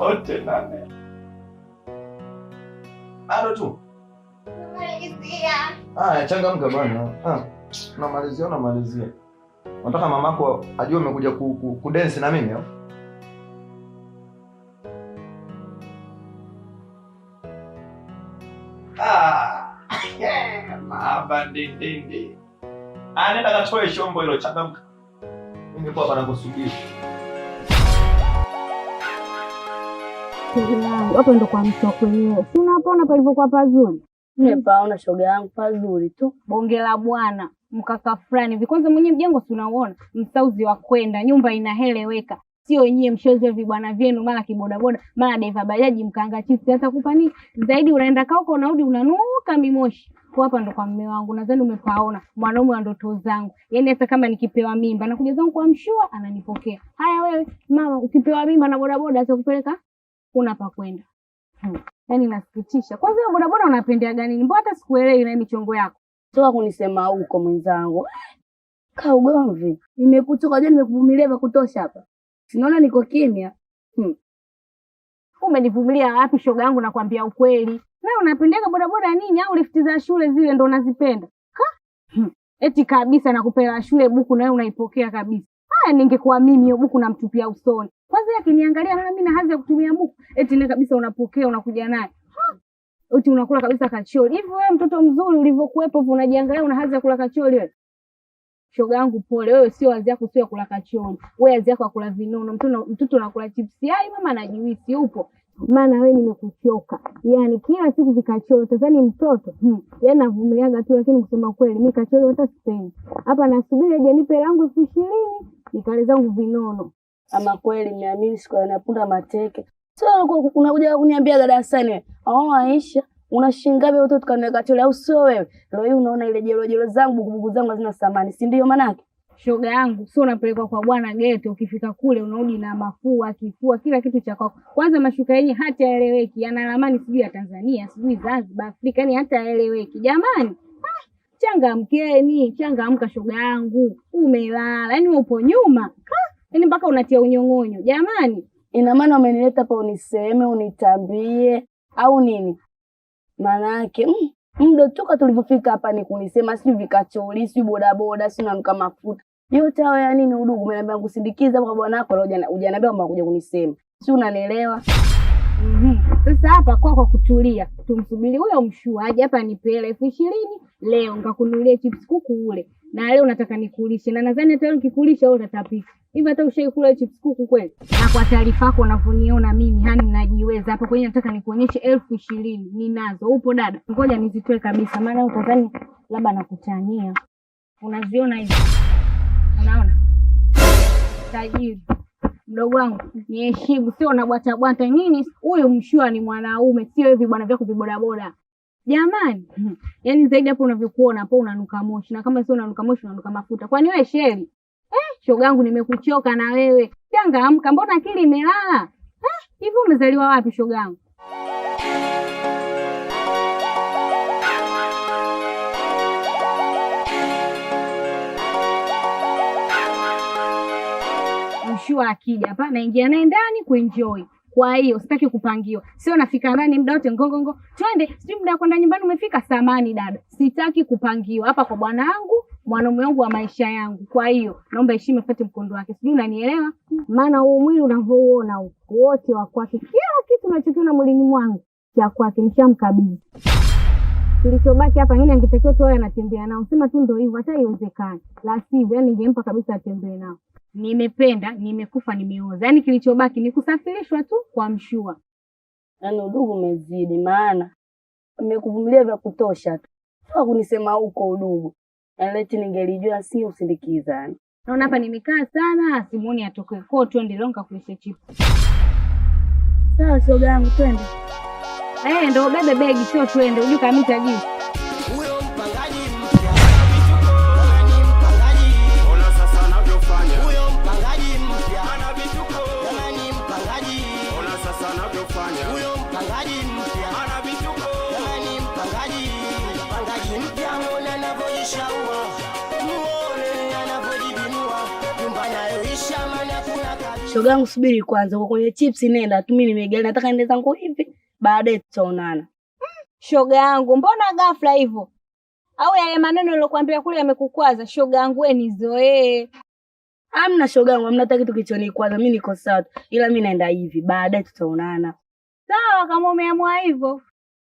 wote nane bado tu. Haya, ah, changamka bwana, ah, unamalizia unamalizia. Unataka mamako ajue umekuja ku, ku, ku dance na mimi au? Eh? Ah, yeah, mahaba ah, hilo, changamka. Mimi kwa bana kusubiri. Hapo ndo kwa mtu kwenyewe, si unapoona palivyokuwa pazuri? Nimepaona shoga yangu, pazuri tu, bonge la bwana mkaka fulani hivi. Kwanza mwenyewe mjengo si unauona, msauzi wa kwenda nyumba inaheleweka, sio nyie mshoze vibwana vyenu, mara kibodaboda, mara deva bajaji, mkanga chizi. Hata kupa nini zaidi? Unaenda kauko, unarudi unanuka mimoshi. Hapa ndo kwa mme wangu, nadhani umepaona mwanaume wa ndoto zangu. Yaani hata kama nikipewa mimba nakuja zangu kwa mshua, ananipokea. Haya wewe mama, ukipewa mimba na bodaboda atakupeleka kuna pa kwenda. Hmm. Yaani nasikitisha. Kwanza hiyo bodaboda unapendeaga nini? Mbona hata sikuelewi na michongo yako. Toka kunisema huko mwenzangu. Ka ugomvi. Nimekutoka je, nimekuvumilia vya kutosha hapa. Sinaona niko kimya. Hmm. Umenivumilia wapi shoga yangu nakwambia ukweli. Wewe boda boda nini au lifti za shule zile ndo unazipenda? Ka? Hmm. Eti kabisa nakupela shule buku na wewe unaipokea kabisa. Haya ningekuwa mimi hiyo buku namtupia usoni. Kwanza akiniangalia naona ah, mimi na hazi ya kutumia muku. Eti ndio kabisa unapokea unakuja naye. Eti unakula kabisa kachori. Hivi wewe mtoto mzuri ulivyokuwepo hivyo unajiangalia una hazi ya kula kachori wewe. Shoga yangu pole, wewe sio hazi yako sio kula kachori. Wewe hazi yako kula vinono. Mtoto mtoto anakula chipsi hai mama anajiwisi upo. Maana wewe nimekuchoka. Yaani kila siku vikachori. Tazani mtoto. Hmm. Yaani navumiliaga tu lakini kusema kweli mimi kachori hata sipendi. Hapa nasubiri aje nipe langu elfu nikale zangu vinono. Ama kweli niamini siku anapunda mateke. Sio unakuja kuniambia darasani. Oh, Aisha, unashingabe watu tukanekatole au sio wewe? Leo hii unaona ile jelo jelo zangu bubu zangu hazina thamani, si ndio maana yake? Shoga yangu, sio unapelekwa kwa bwana geto, ukifika kule unarudi na mafua, kifua, kila kitu cha kwako. Kwanza mashuka yenyewe hata yaeleweki, yana ramani sijui ya Tanzania, sijui Zanzibar, Afrika, yani hata yaeleweki. Jamani, ah, changamkeni, changamka shoga yangu. Umelala, yani upo nyuma. Ha! Yaani mpaka unatia unyong'onyo. Jamani, ina maana umenileta hapa uniseme, unitambie au nini? Maana yake mdo mm, toka tulivyofika hapa ni kunisema sijui vikachori, sijui bodaboda sijui nanuka mafuta yote hayo ya yaani nini? Udugu umeniambia kusindikiza kwa bwanako, leo hujaniambia kwamba kuja kunisema, si unanielewa? Mm -hmm. Sasa hapa kwa kwa kutulia, tumsubiri huyo mshuaji hapa, nipe elfu ishirini leo nikakununulie chips kuku ule na leo nataka nikulishe, na nadhani hata leo nikikulisha wewe utatapika. Hivi hata ushaikula chips kuku kweli? Na kwa taarifa yako, unavyoniona mimi hani najiweza hapa kwenye, nataka nikuonyeshe elfu ishirini ninazo. Upo dada? Ngoja nizitoe kabisa, maana huko ndani labda nakutania. Unaziona hizi? Unaona tajiri mdogo wangu niheshimu, sio na bwata nini. Huyu mshua ni mwanaume, sio hivi bwana vyako vibodaboda Jamani, mm-hmm. yaani zaidi hapo unavyokuona hapo unanuka moshi, na kama sio unanuka moshi unanuka mafuta. Kwani wewe sheri? Eh, shogangu, nimekuchoka na wewe. amka, mbona akili imelala eh, hivi? umezaliwa wapi shogangu? Mshua akija hapa naingia naye ndani kuenjoy. Kwa hiyo sitaki kupangiwa, sio nafika ndani muda wote ngongongo, twende, sijui muda kwenda nyumbani umefika. Samani dada, sitaki kupangiwa hapa kwa bwana wangu, mwanaume wangu wa maisha yangu. Kwa hiyo naomba heshima ifuate mkondo wake, sijui unanielewa? Maana huu mwili unavyouona wote wa kwake, kila kitu nachokiona mwilini mwangu cha kwake nishamkabidhi. Kilichobaki hapa ngine angetakiwa tu awe anatembea nao, sema tu ndio hivyo, hata iwezekani la sivyo, yani ningempa kabisa atembee nao. Nimependa, nimekufa, nimeoza, yani kilichobaki ni kusafirishwa tu kwa mshua. Yani udugu umezidi, maana nimekuvumilia vya kutosha tu, kunisema huko udugu yaani leti ningelijua usindikiza. Yani Naona hapa nimekaa sana, simuoni atoke kwao, Twende longa kuisha chipu. Sawa shoga yangu, twende. Eh, ndo ubebe begi sio twende, ujue kamita jii shogangu, subiri kwanza, kwa kwenye chipsi nenda tu, mimi nimegari, nataka ende zangu hivi baadaye tutaonana. Mm, shoga yangu mbona ghafla hivyo? Au yale maneno nilokuambia kule yamekukwaza? Shoga yangu wewe nizoee. Amna shoga yangu, amna hata kitu kilichonikwaza. Mimi niko sawa, ila mimi naenda hivi, baadaye tutaonana. Sawa, kama umeamua hivyo.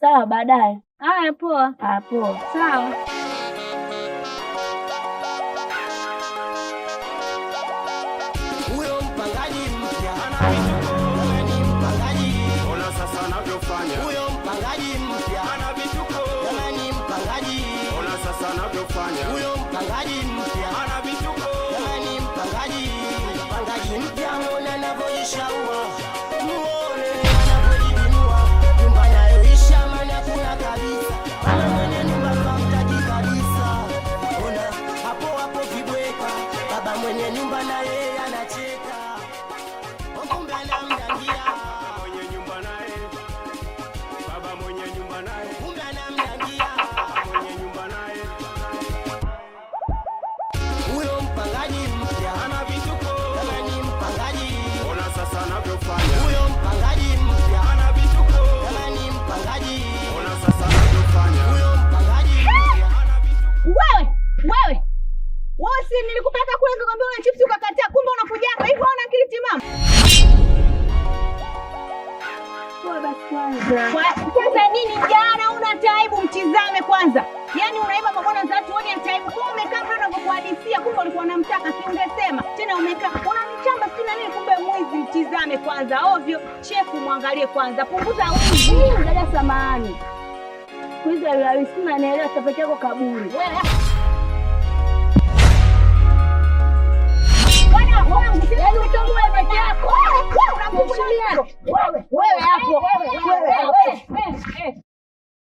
Sawa, baadaye. Haya, poa. Ah, poa. Sawa. mpangaji mpya ana vituko, jamani, mpangaji ona sasa anavyofanya huyo mpangaji mpya ana vituko, jamani, mpangaji mpangaji mpya, ona anavyoishaua Wewe, wewe. Wewe si nilikupeleka kule nikakwambia una chips ukakataa, kumbe unakuja hapa hivyo una akili timamu. Kwanza nini jana una taibu mtizame kwanza. Yaani unaiba kwa bwana zatu wewe ni taibu. Kumbe umekaa hapo na kumbe ulikuwa unamtaka si ungesema. Tena umekaa. Tizame kwanza ovyo, chefu mwangalie kwanza, punguza wivu. Dada samani, naelewa safari yako kaburi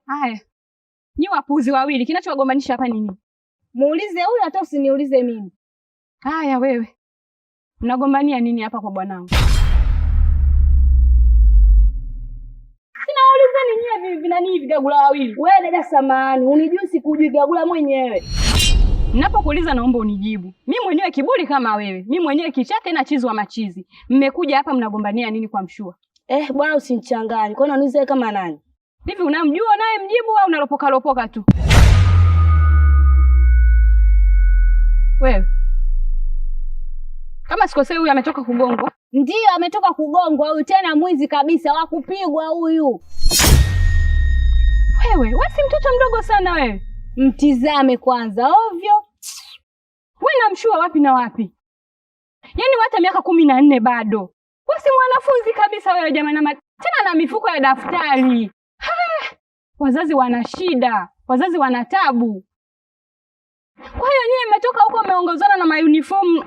Haya, nyi wapuzi wawili, kinachowagombanisha hapa nini? Muulize huyu, hata usiniulize mimi. Haya, wewe mnagombania nini hapa kwa bwanangu? wenyewe vinanii vigagula wawili. Wewe dada samani, unijui sikujui gagula mwenyewe. Napokuuliza naomba unijibu. Mi mwenyewe kiburi kama wewe, mi mwenyewe kichake tena chizi wa machizi. Mmekuja hapa mnagombania nini kwa mshua? Eh, bwana usinichanganye. Kwa nini unaniuliza kama nani? Hivi unamjua naye mjibu au unalopoka lopoka tu? Wewe. Kama sikosei huyu ametoka kugongwa. Ndiyo ametoka kugongwa huyu tena mwizi kabisa wa kupigwa huyu. Wewe we si mtoto mdogo sana wewe, mtizame kwanza ovyo. We namshua wapi na wapi? Yaani hata miaka kumi na nne bado we si mwanafunzi kabisa wewe jamani, na tena na mifuko ya daftari ha! Wazazi wana shida, wazazi wana tabu. Kwa hiyo nyie mmetoka huko mmeongozana na maunifomu.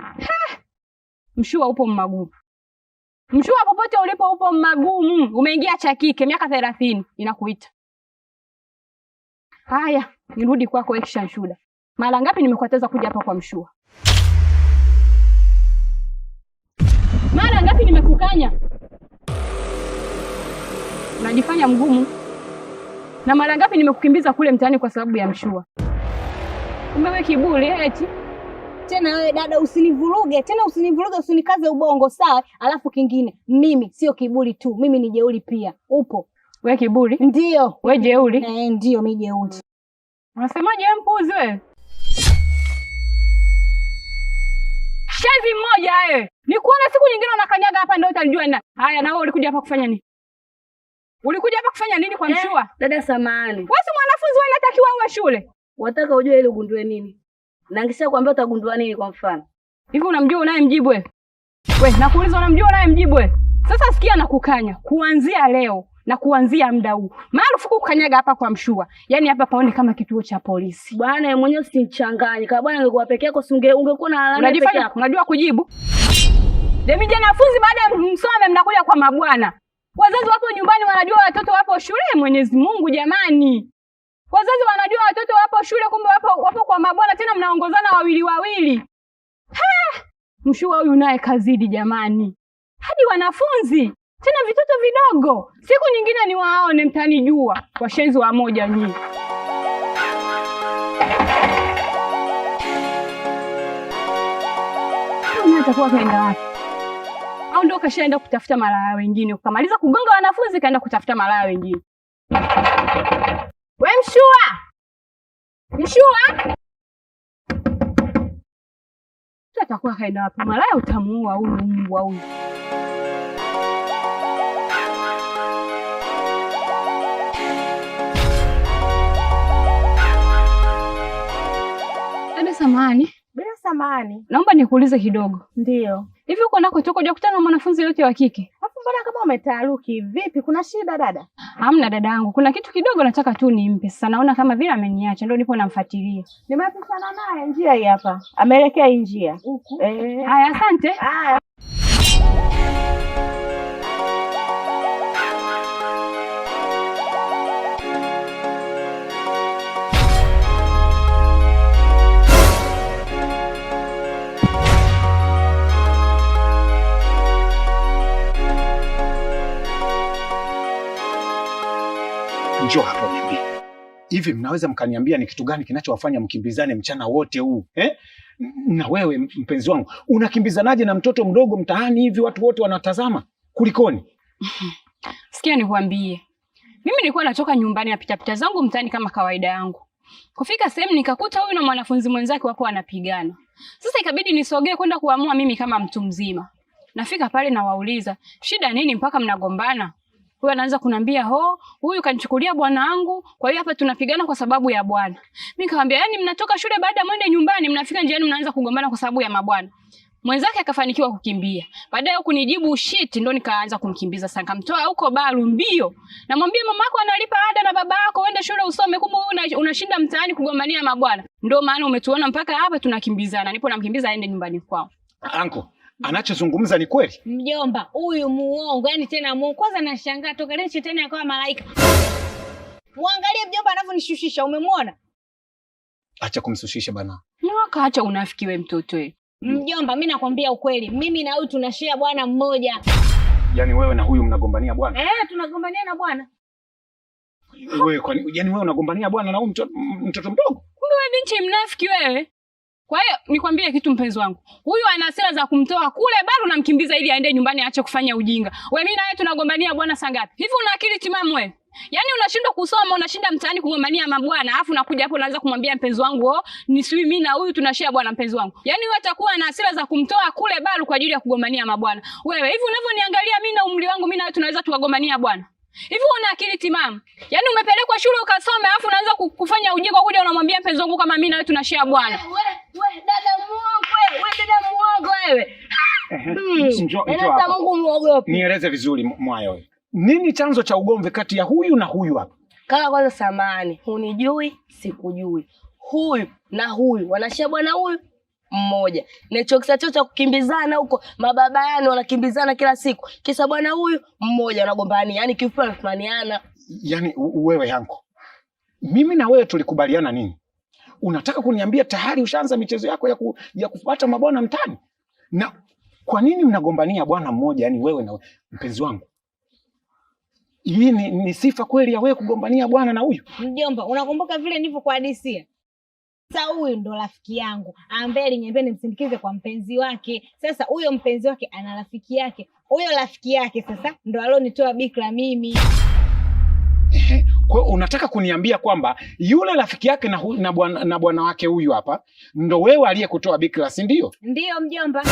Mshua upo mmagumu, mshua popote ulipo upo mmagumu. Umeingia cha kike, miaka thelathini inakuita. Haya, nirudi kwako action Shuda. Mara ngapi nimekukataza kuja hapa kwa Mshua? Mara ngapi nimekukanya? Unajifanya mgumu. Na mara ngapi nimekukimbiza kule mtaani kwa sababu ya Mshua? Umewe kiburi eh, eti. Tena wewe dada, usinivuruge tena, usinivuruge, usinikaze ubongo, sawa? Alafu kingine, mimi sio kiburi tu, mimi ni jeuri pia. Upo We kiburi? Ndio. We jeuri? Eh, ndio mimi jeuri. Unasemaje mpuzi wewe? Shezi mmoja wewe. Ni kuona siku nyingine unakanyaga hapa ndio utajua na. Haya na wewe ulikuja hapa kufanya nini? Ulikuja hapa kufanya nini kwa eh, mshua? Eh, dada samani. Wewe si mwanafunzi wewe unatakiwa uwe shule. Wataka ujue ili ugundue nini? Na ngisha kwambia utagundua nini kwa mfano? Hivi unamjua unaye unayemjibu wewe? We, nakuuliza unamjua unayemjibu wewe? Sasa sikia nakukanya. Kuanzia leo na kuanzia muda huu marufuku kukanyaga hapa kwa mshua, yaani hapa paone kama kituo cha polisi. Bwana yeye mwenyewe usimchanganye, kama bwana ungekuwa peke yako unge ungekuwa na alama peke yako. Unajua kujibu Demi jana wanafunzi baada ya msome mnakuja kwa mabwana. Wazazi wapo nyumbani, wanajua watoto wapo shule. Mwenyezi Mungu jamani, wazazi wanajua watoto wapo shule, kumbe wapo, wapo kwa mabwana, tena mnaongozana wawili wawili. Ha! mshua huyu naye kazidi jamani, hadi wanafunzi tena vitoto vidogo. Siku nyingine niwaone, mtanijua washenzi wa moja nyinyi. Atakuwa kaenda wapi? Au ndio kashaenda kutafuta malaya wengine? Ukamaliza kugonga wanafunzi, kaenda kutafuta malaya wengine. We mshua, mshua atakuwa kaenda wapi? Malaya utamuua huyu mbwa huyu. Samahani. Bila samahani. Naomba nikuulize kidogo. Ndio. Hivi uko nako kuja kukutana na mwanafunzi yote wa kike? Hapo mbona kama umetaaruki vipi? Kuna shida dada? Hamna dada yangu. Kuna kitu kidogo nataka tu nimpe. Sasa naona kama vile ameniacha ndio nipo namfuatilia. Nimepishana naye njia hii hapa. Ameelekea hii njia. Eh. Haya, asante. Haya. Njoo hapa uniambie, hivi mnaweza mkaniambia ni kitu gani kinachowafanya mkimbizane mchana wote huu eh? Na wewe mpenzi wangu unakimbizanaje na mtoto mdogo mtaani hivi, watu wote wanatazama, kulikoni? Mm-hmm. Sikia nikwambie, mimi nilikuwa natoka nyumbani na pitapita zangu mtaani kama kawaida yangu kufika sehemu nikakuta huyu na mwanafunzi mwenzake wako wanapigana. Sasa ikabidi nisogee kwenda kuamua mimi kama mtu mzima. Nafika pale nawauliza, shida nini mpaka mnagombana? huyu anaanza kuniambia ho, huyu kanichukulia bwana wangu, kwa hiyo hapa tunapigana kwa sababu ya bwana. Mimi nikamwambia yani, mnatoka shule baada ya mwende nyumbani, mnafika njiani mnaanza kugombana kwa sababu ya mabwana. Mwenzake akafanikiwa kukimbia. Baadaye kunijibu shit, ndo nikaanza kumkimbiza sana. Nikamtoa huko baru mbio. Namwambia mama yako analipa ada na baba yako, uende shule usome, kumbe wewe unashinda mtaani kugombania mabwana. Ndio maana umetuona mpaka hapa tunakimbizana. Nipo namkimbiza aende nyumbani kwao. Anko, Mm. anachozungumza ni kweli. Mjomba huyu muongo, yani tena muongo. Kwanza nashangaa toka leo shetani akawa malaika? Mwangalie mjomba anavyonishushisha, umemwona? Acha kumsushisha bana, acha unafiki wewe, mtoto wewe. Mm. Mjomba, mi nakwambia ukweli, mimi na huyu tunashare bwana mmoja. Yaani wewe na huyu mnagombania bwana? Eh, tunagombania na bwana. Wewe kwani, yaani wewe unagombania bwana na huyu mtoto mdogo? Kumbe wewe binti mnafiki wewe. Kwa hiyo nikwambie kitu mpenzi wangu, huyu ana sera za kumtoa kule, bado namkimbiza ili aende nyumbani aache kufanya ujinga. Wewe mimi na wewe tunagombania bwana sangapi? hivi? Una akili timamu wewe? Yaani unashindwa kusoma, unashinda mtaani kugombania mabwana, afu unakuja hapo unaanza kumwambia mpenzi wangu, oh, ni sijui mimi na huyu tunashia bwana mpenzi wangu. Yaani wewe atakuwa na hasira za kumtoa kule balu kwa ajili ya kugombania mabwana. Wewe hivi unavyoniangalia mimi na umri wangu, mimi na wewe tunaweza tukagombania bwana? Hivi una akili timamu? Yaani umepelekwa shule ukasome alafu unaanza kufanya ujinga kuja unamwambia mpenzi wangu kama mimi na wewe tunashare bwana. Wewe dada muongo wewe, wewe dada muongo wewe. Hmm. Hata Mungu muogope. Nieleze vizuri mwayo wewe. Nini chanzo cha ugomvi kati ya huyu na huyu hapa? Kaka kwanza samani, hunijui, sikujui. Huyu na huyu wanashare bwana huyu mmoja nilichokisa cho cha kukimbizana huko mababa yani wanakimbizana kila siku, kisa bwana huyu mmoja, wanagombania yani kifupi, wanafumaniana. Yani wewe yangu mimi na wewe tulikubaliana nini? Unataka kuniambia tayari ushaanza michezo yako ya, ku, ya kupata mabwana mtani? Na kwa nini mnagombania bwana mmoja? Yani wewe na mpenzi wangu hii ni, ni sifa kweli ya wewe kugombania bwana na huyu mjomba? Unakumbuka vile nilivyokuhadisia sasa huyu ndo rafiki yangu ambaye aliniambia nimsindikize kwa mpenzi wake. Sasa huyo mpenzi wake ana rafiki yake, huyo rafiki yake sasa ndo alionitoa bikra mimi. Kwa unataka kuniambia kwamba yule rafiki yake na, na, bwana, na bwana wake huyu hapa ndo wewe aliyekutoa bikra, si ndio? Ndiyo mjomba.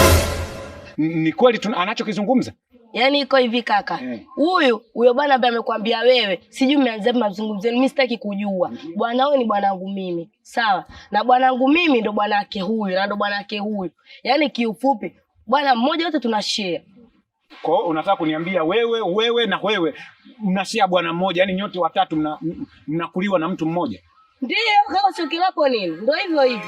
Ni kweli anachokizungumza? Yaani iko hivi kaka, eh. huyu mm. huyo bwana ambaye amekwambia wewe, sijui mmeanza mazungumzo, mimi sitaki kujua mm -hmm. Bwana wewe ni bwanangu mimi, sawa na bwanangu mimi ndo bwanake huyu na ndo bwanake huyu, yaani kiufupi bwana mmoja, wote tuna share. Kwa hiyo unataka kuniambia wewe, wewe na wewe mna share bwana mmoja, yaani nyote watatu mnakuliwa na mtu mmoja? Ndio kama sio kilapo nini? Ndio hivyo hivyo.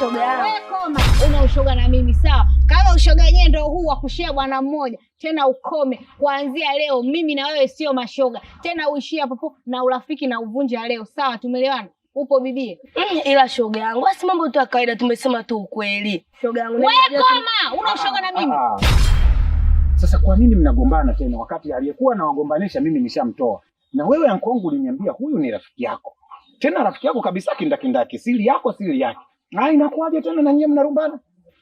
ushoga koma, una ushoga na mimi sawa? Kama ushoga wenyewe ndio huu wa kushia bwana mmoja, tena ukome. Kuanzia leo mimi na wewe sio mashoga tena, uishie hapo na urafiki na uvunje leo, sawa? Tumeelewana? Upo bibie? Mm, ila shoga yangu basi mambo tu ya kawaida, tumesema tu ukweli. Shoga yangu wewe koma, una ah, ushoga na ah, mimi ah. Sasa kwa nini mnagombana tena wakati aliyekuwa nawagombanisha mimi nishamtoa? Na wewe ankongu uliniambia huyu ni rafiki yako, tena rafiki yako kabisa kindakindaki, siri yako siri yake Ah, inakuwaje tena na nyie mnarumbana?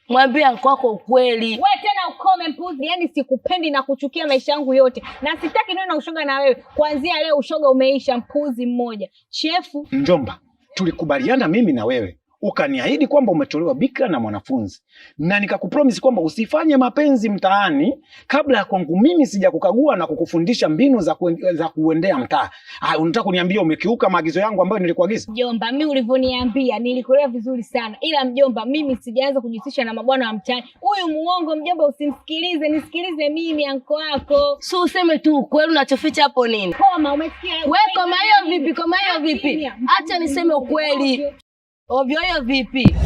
Mwambie ankwako ukweli. Wewe tena ukome mpuzi, yani sikupendi na kuchukia maisha yangu yote. Na sitaki niwe na ushoga na wewe. Kuanzia leo ushoga umeisha mpuzi mmoja. Chefu, njomba, tulikubaliana mimi na wewe ukaniahidi kwamba umetolewa bikra na mwanafunzi, na nikakupromise kwamba usifanye mapenzi mtaani kabla ya kwangu mimi sija kukagua na kukufundisha mbinu za, kuen, za kuendea mtaa. Ah, unataka kuniambia umekiuka maagizo yangu ambayo nilikuagiza? Mjomba, mi ulivyoniambia nilikuelewa vizuri sana, ila mjomba, mimi sijaanza kujihusisha na mabwana wa mtaani. Huyu muongo mjomba, usimsikilize, nisikilize mimi anko wako. So useme tu ukweli, unachoficha hapo nini? Koma, umesikia? Wewe koma hiyo vipi? Koma hiyo vipi? Acha niseme ukweli. Ô, VIP,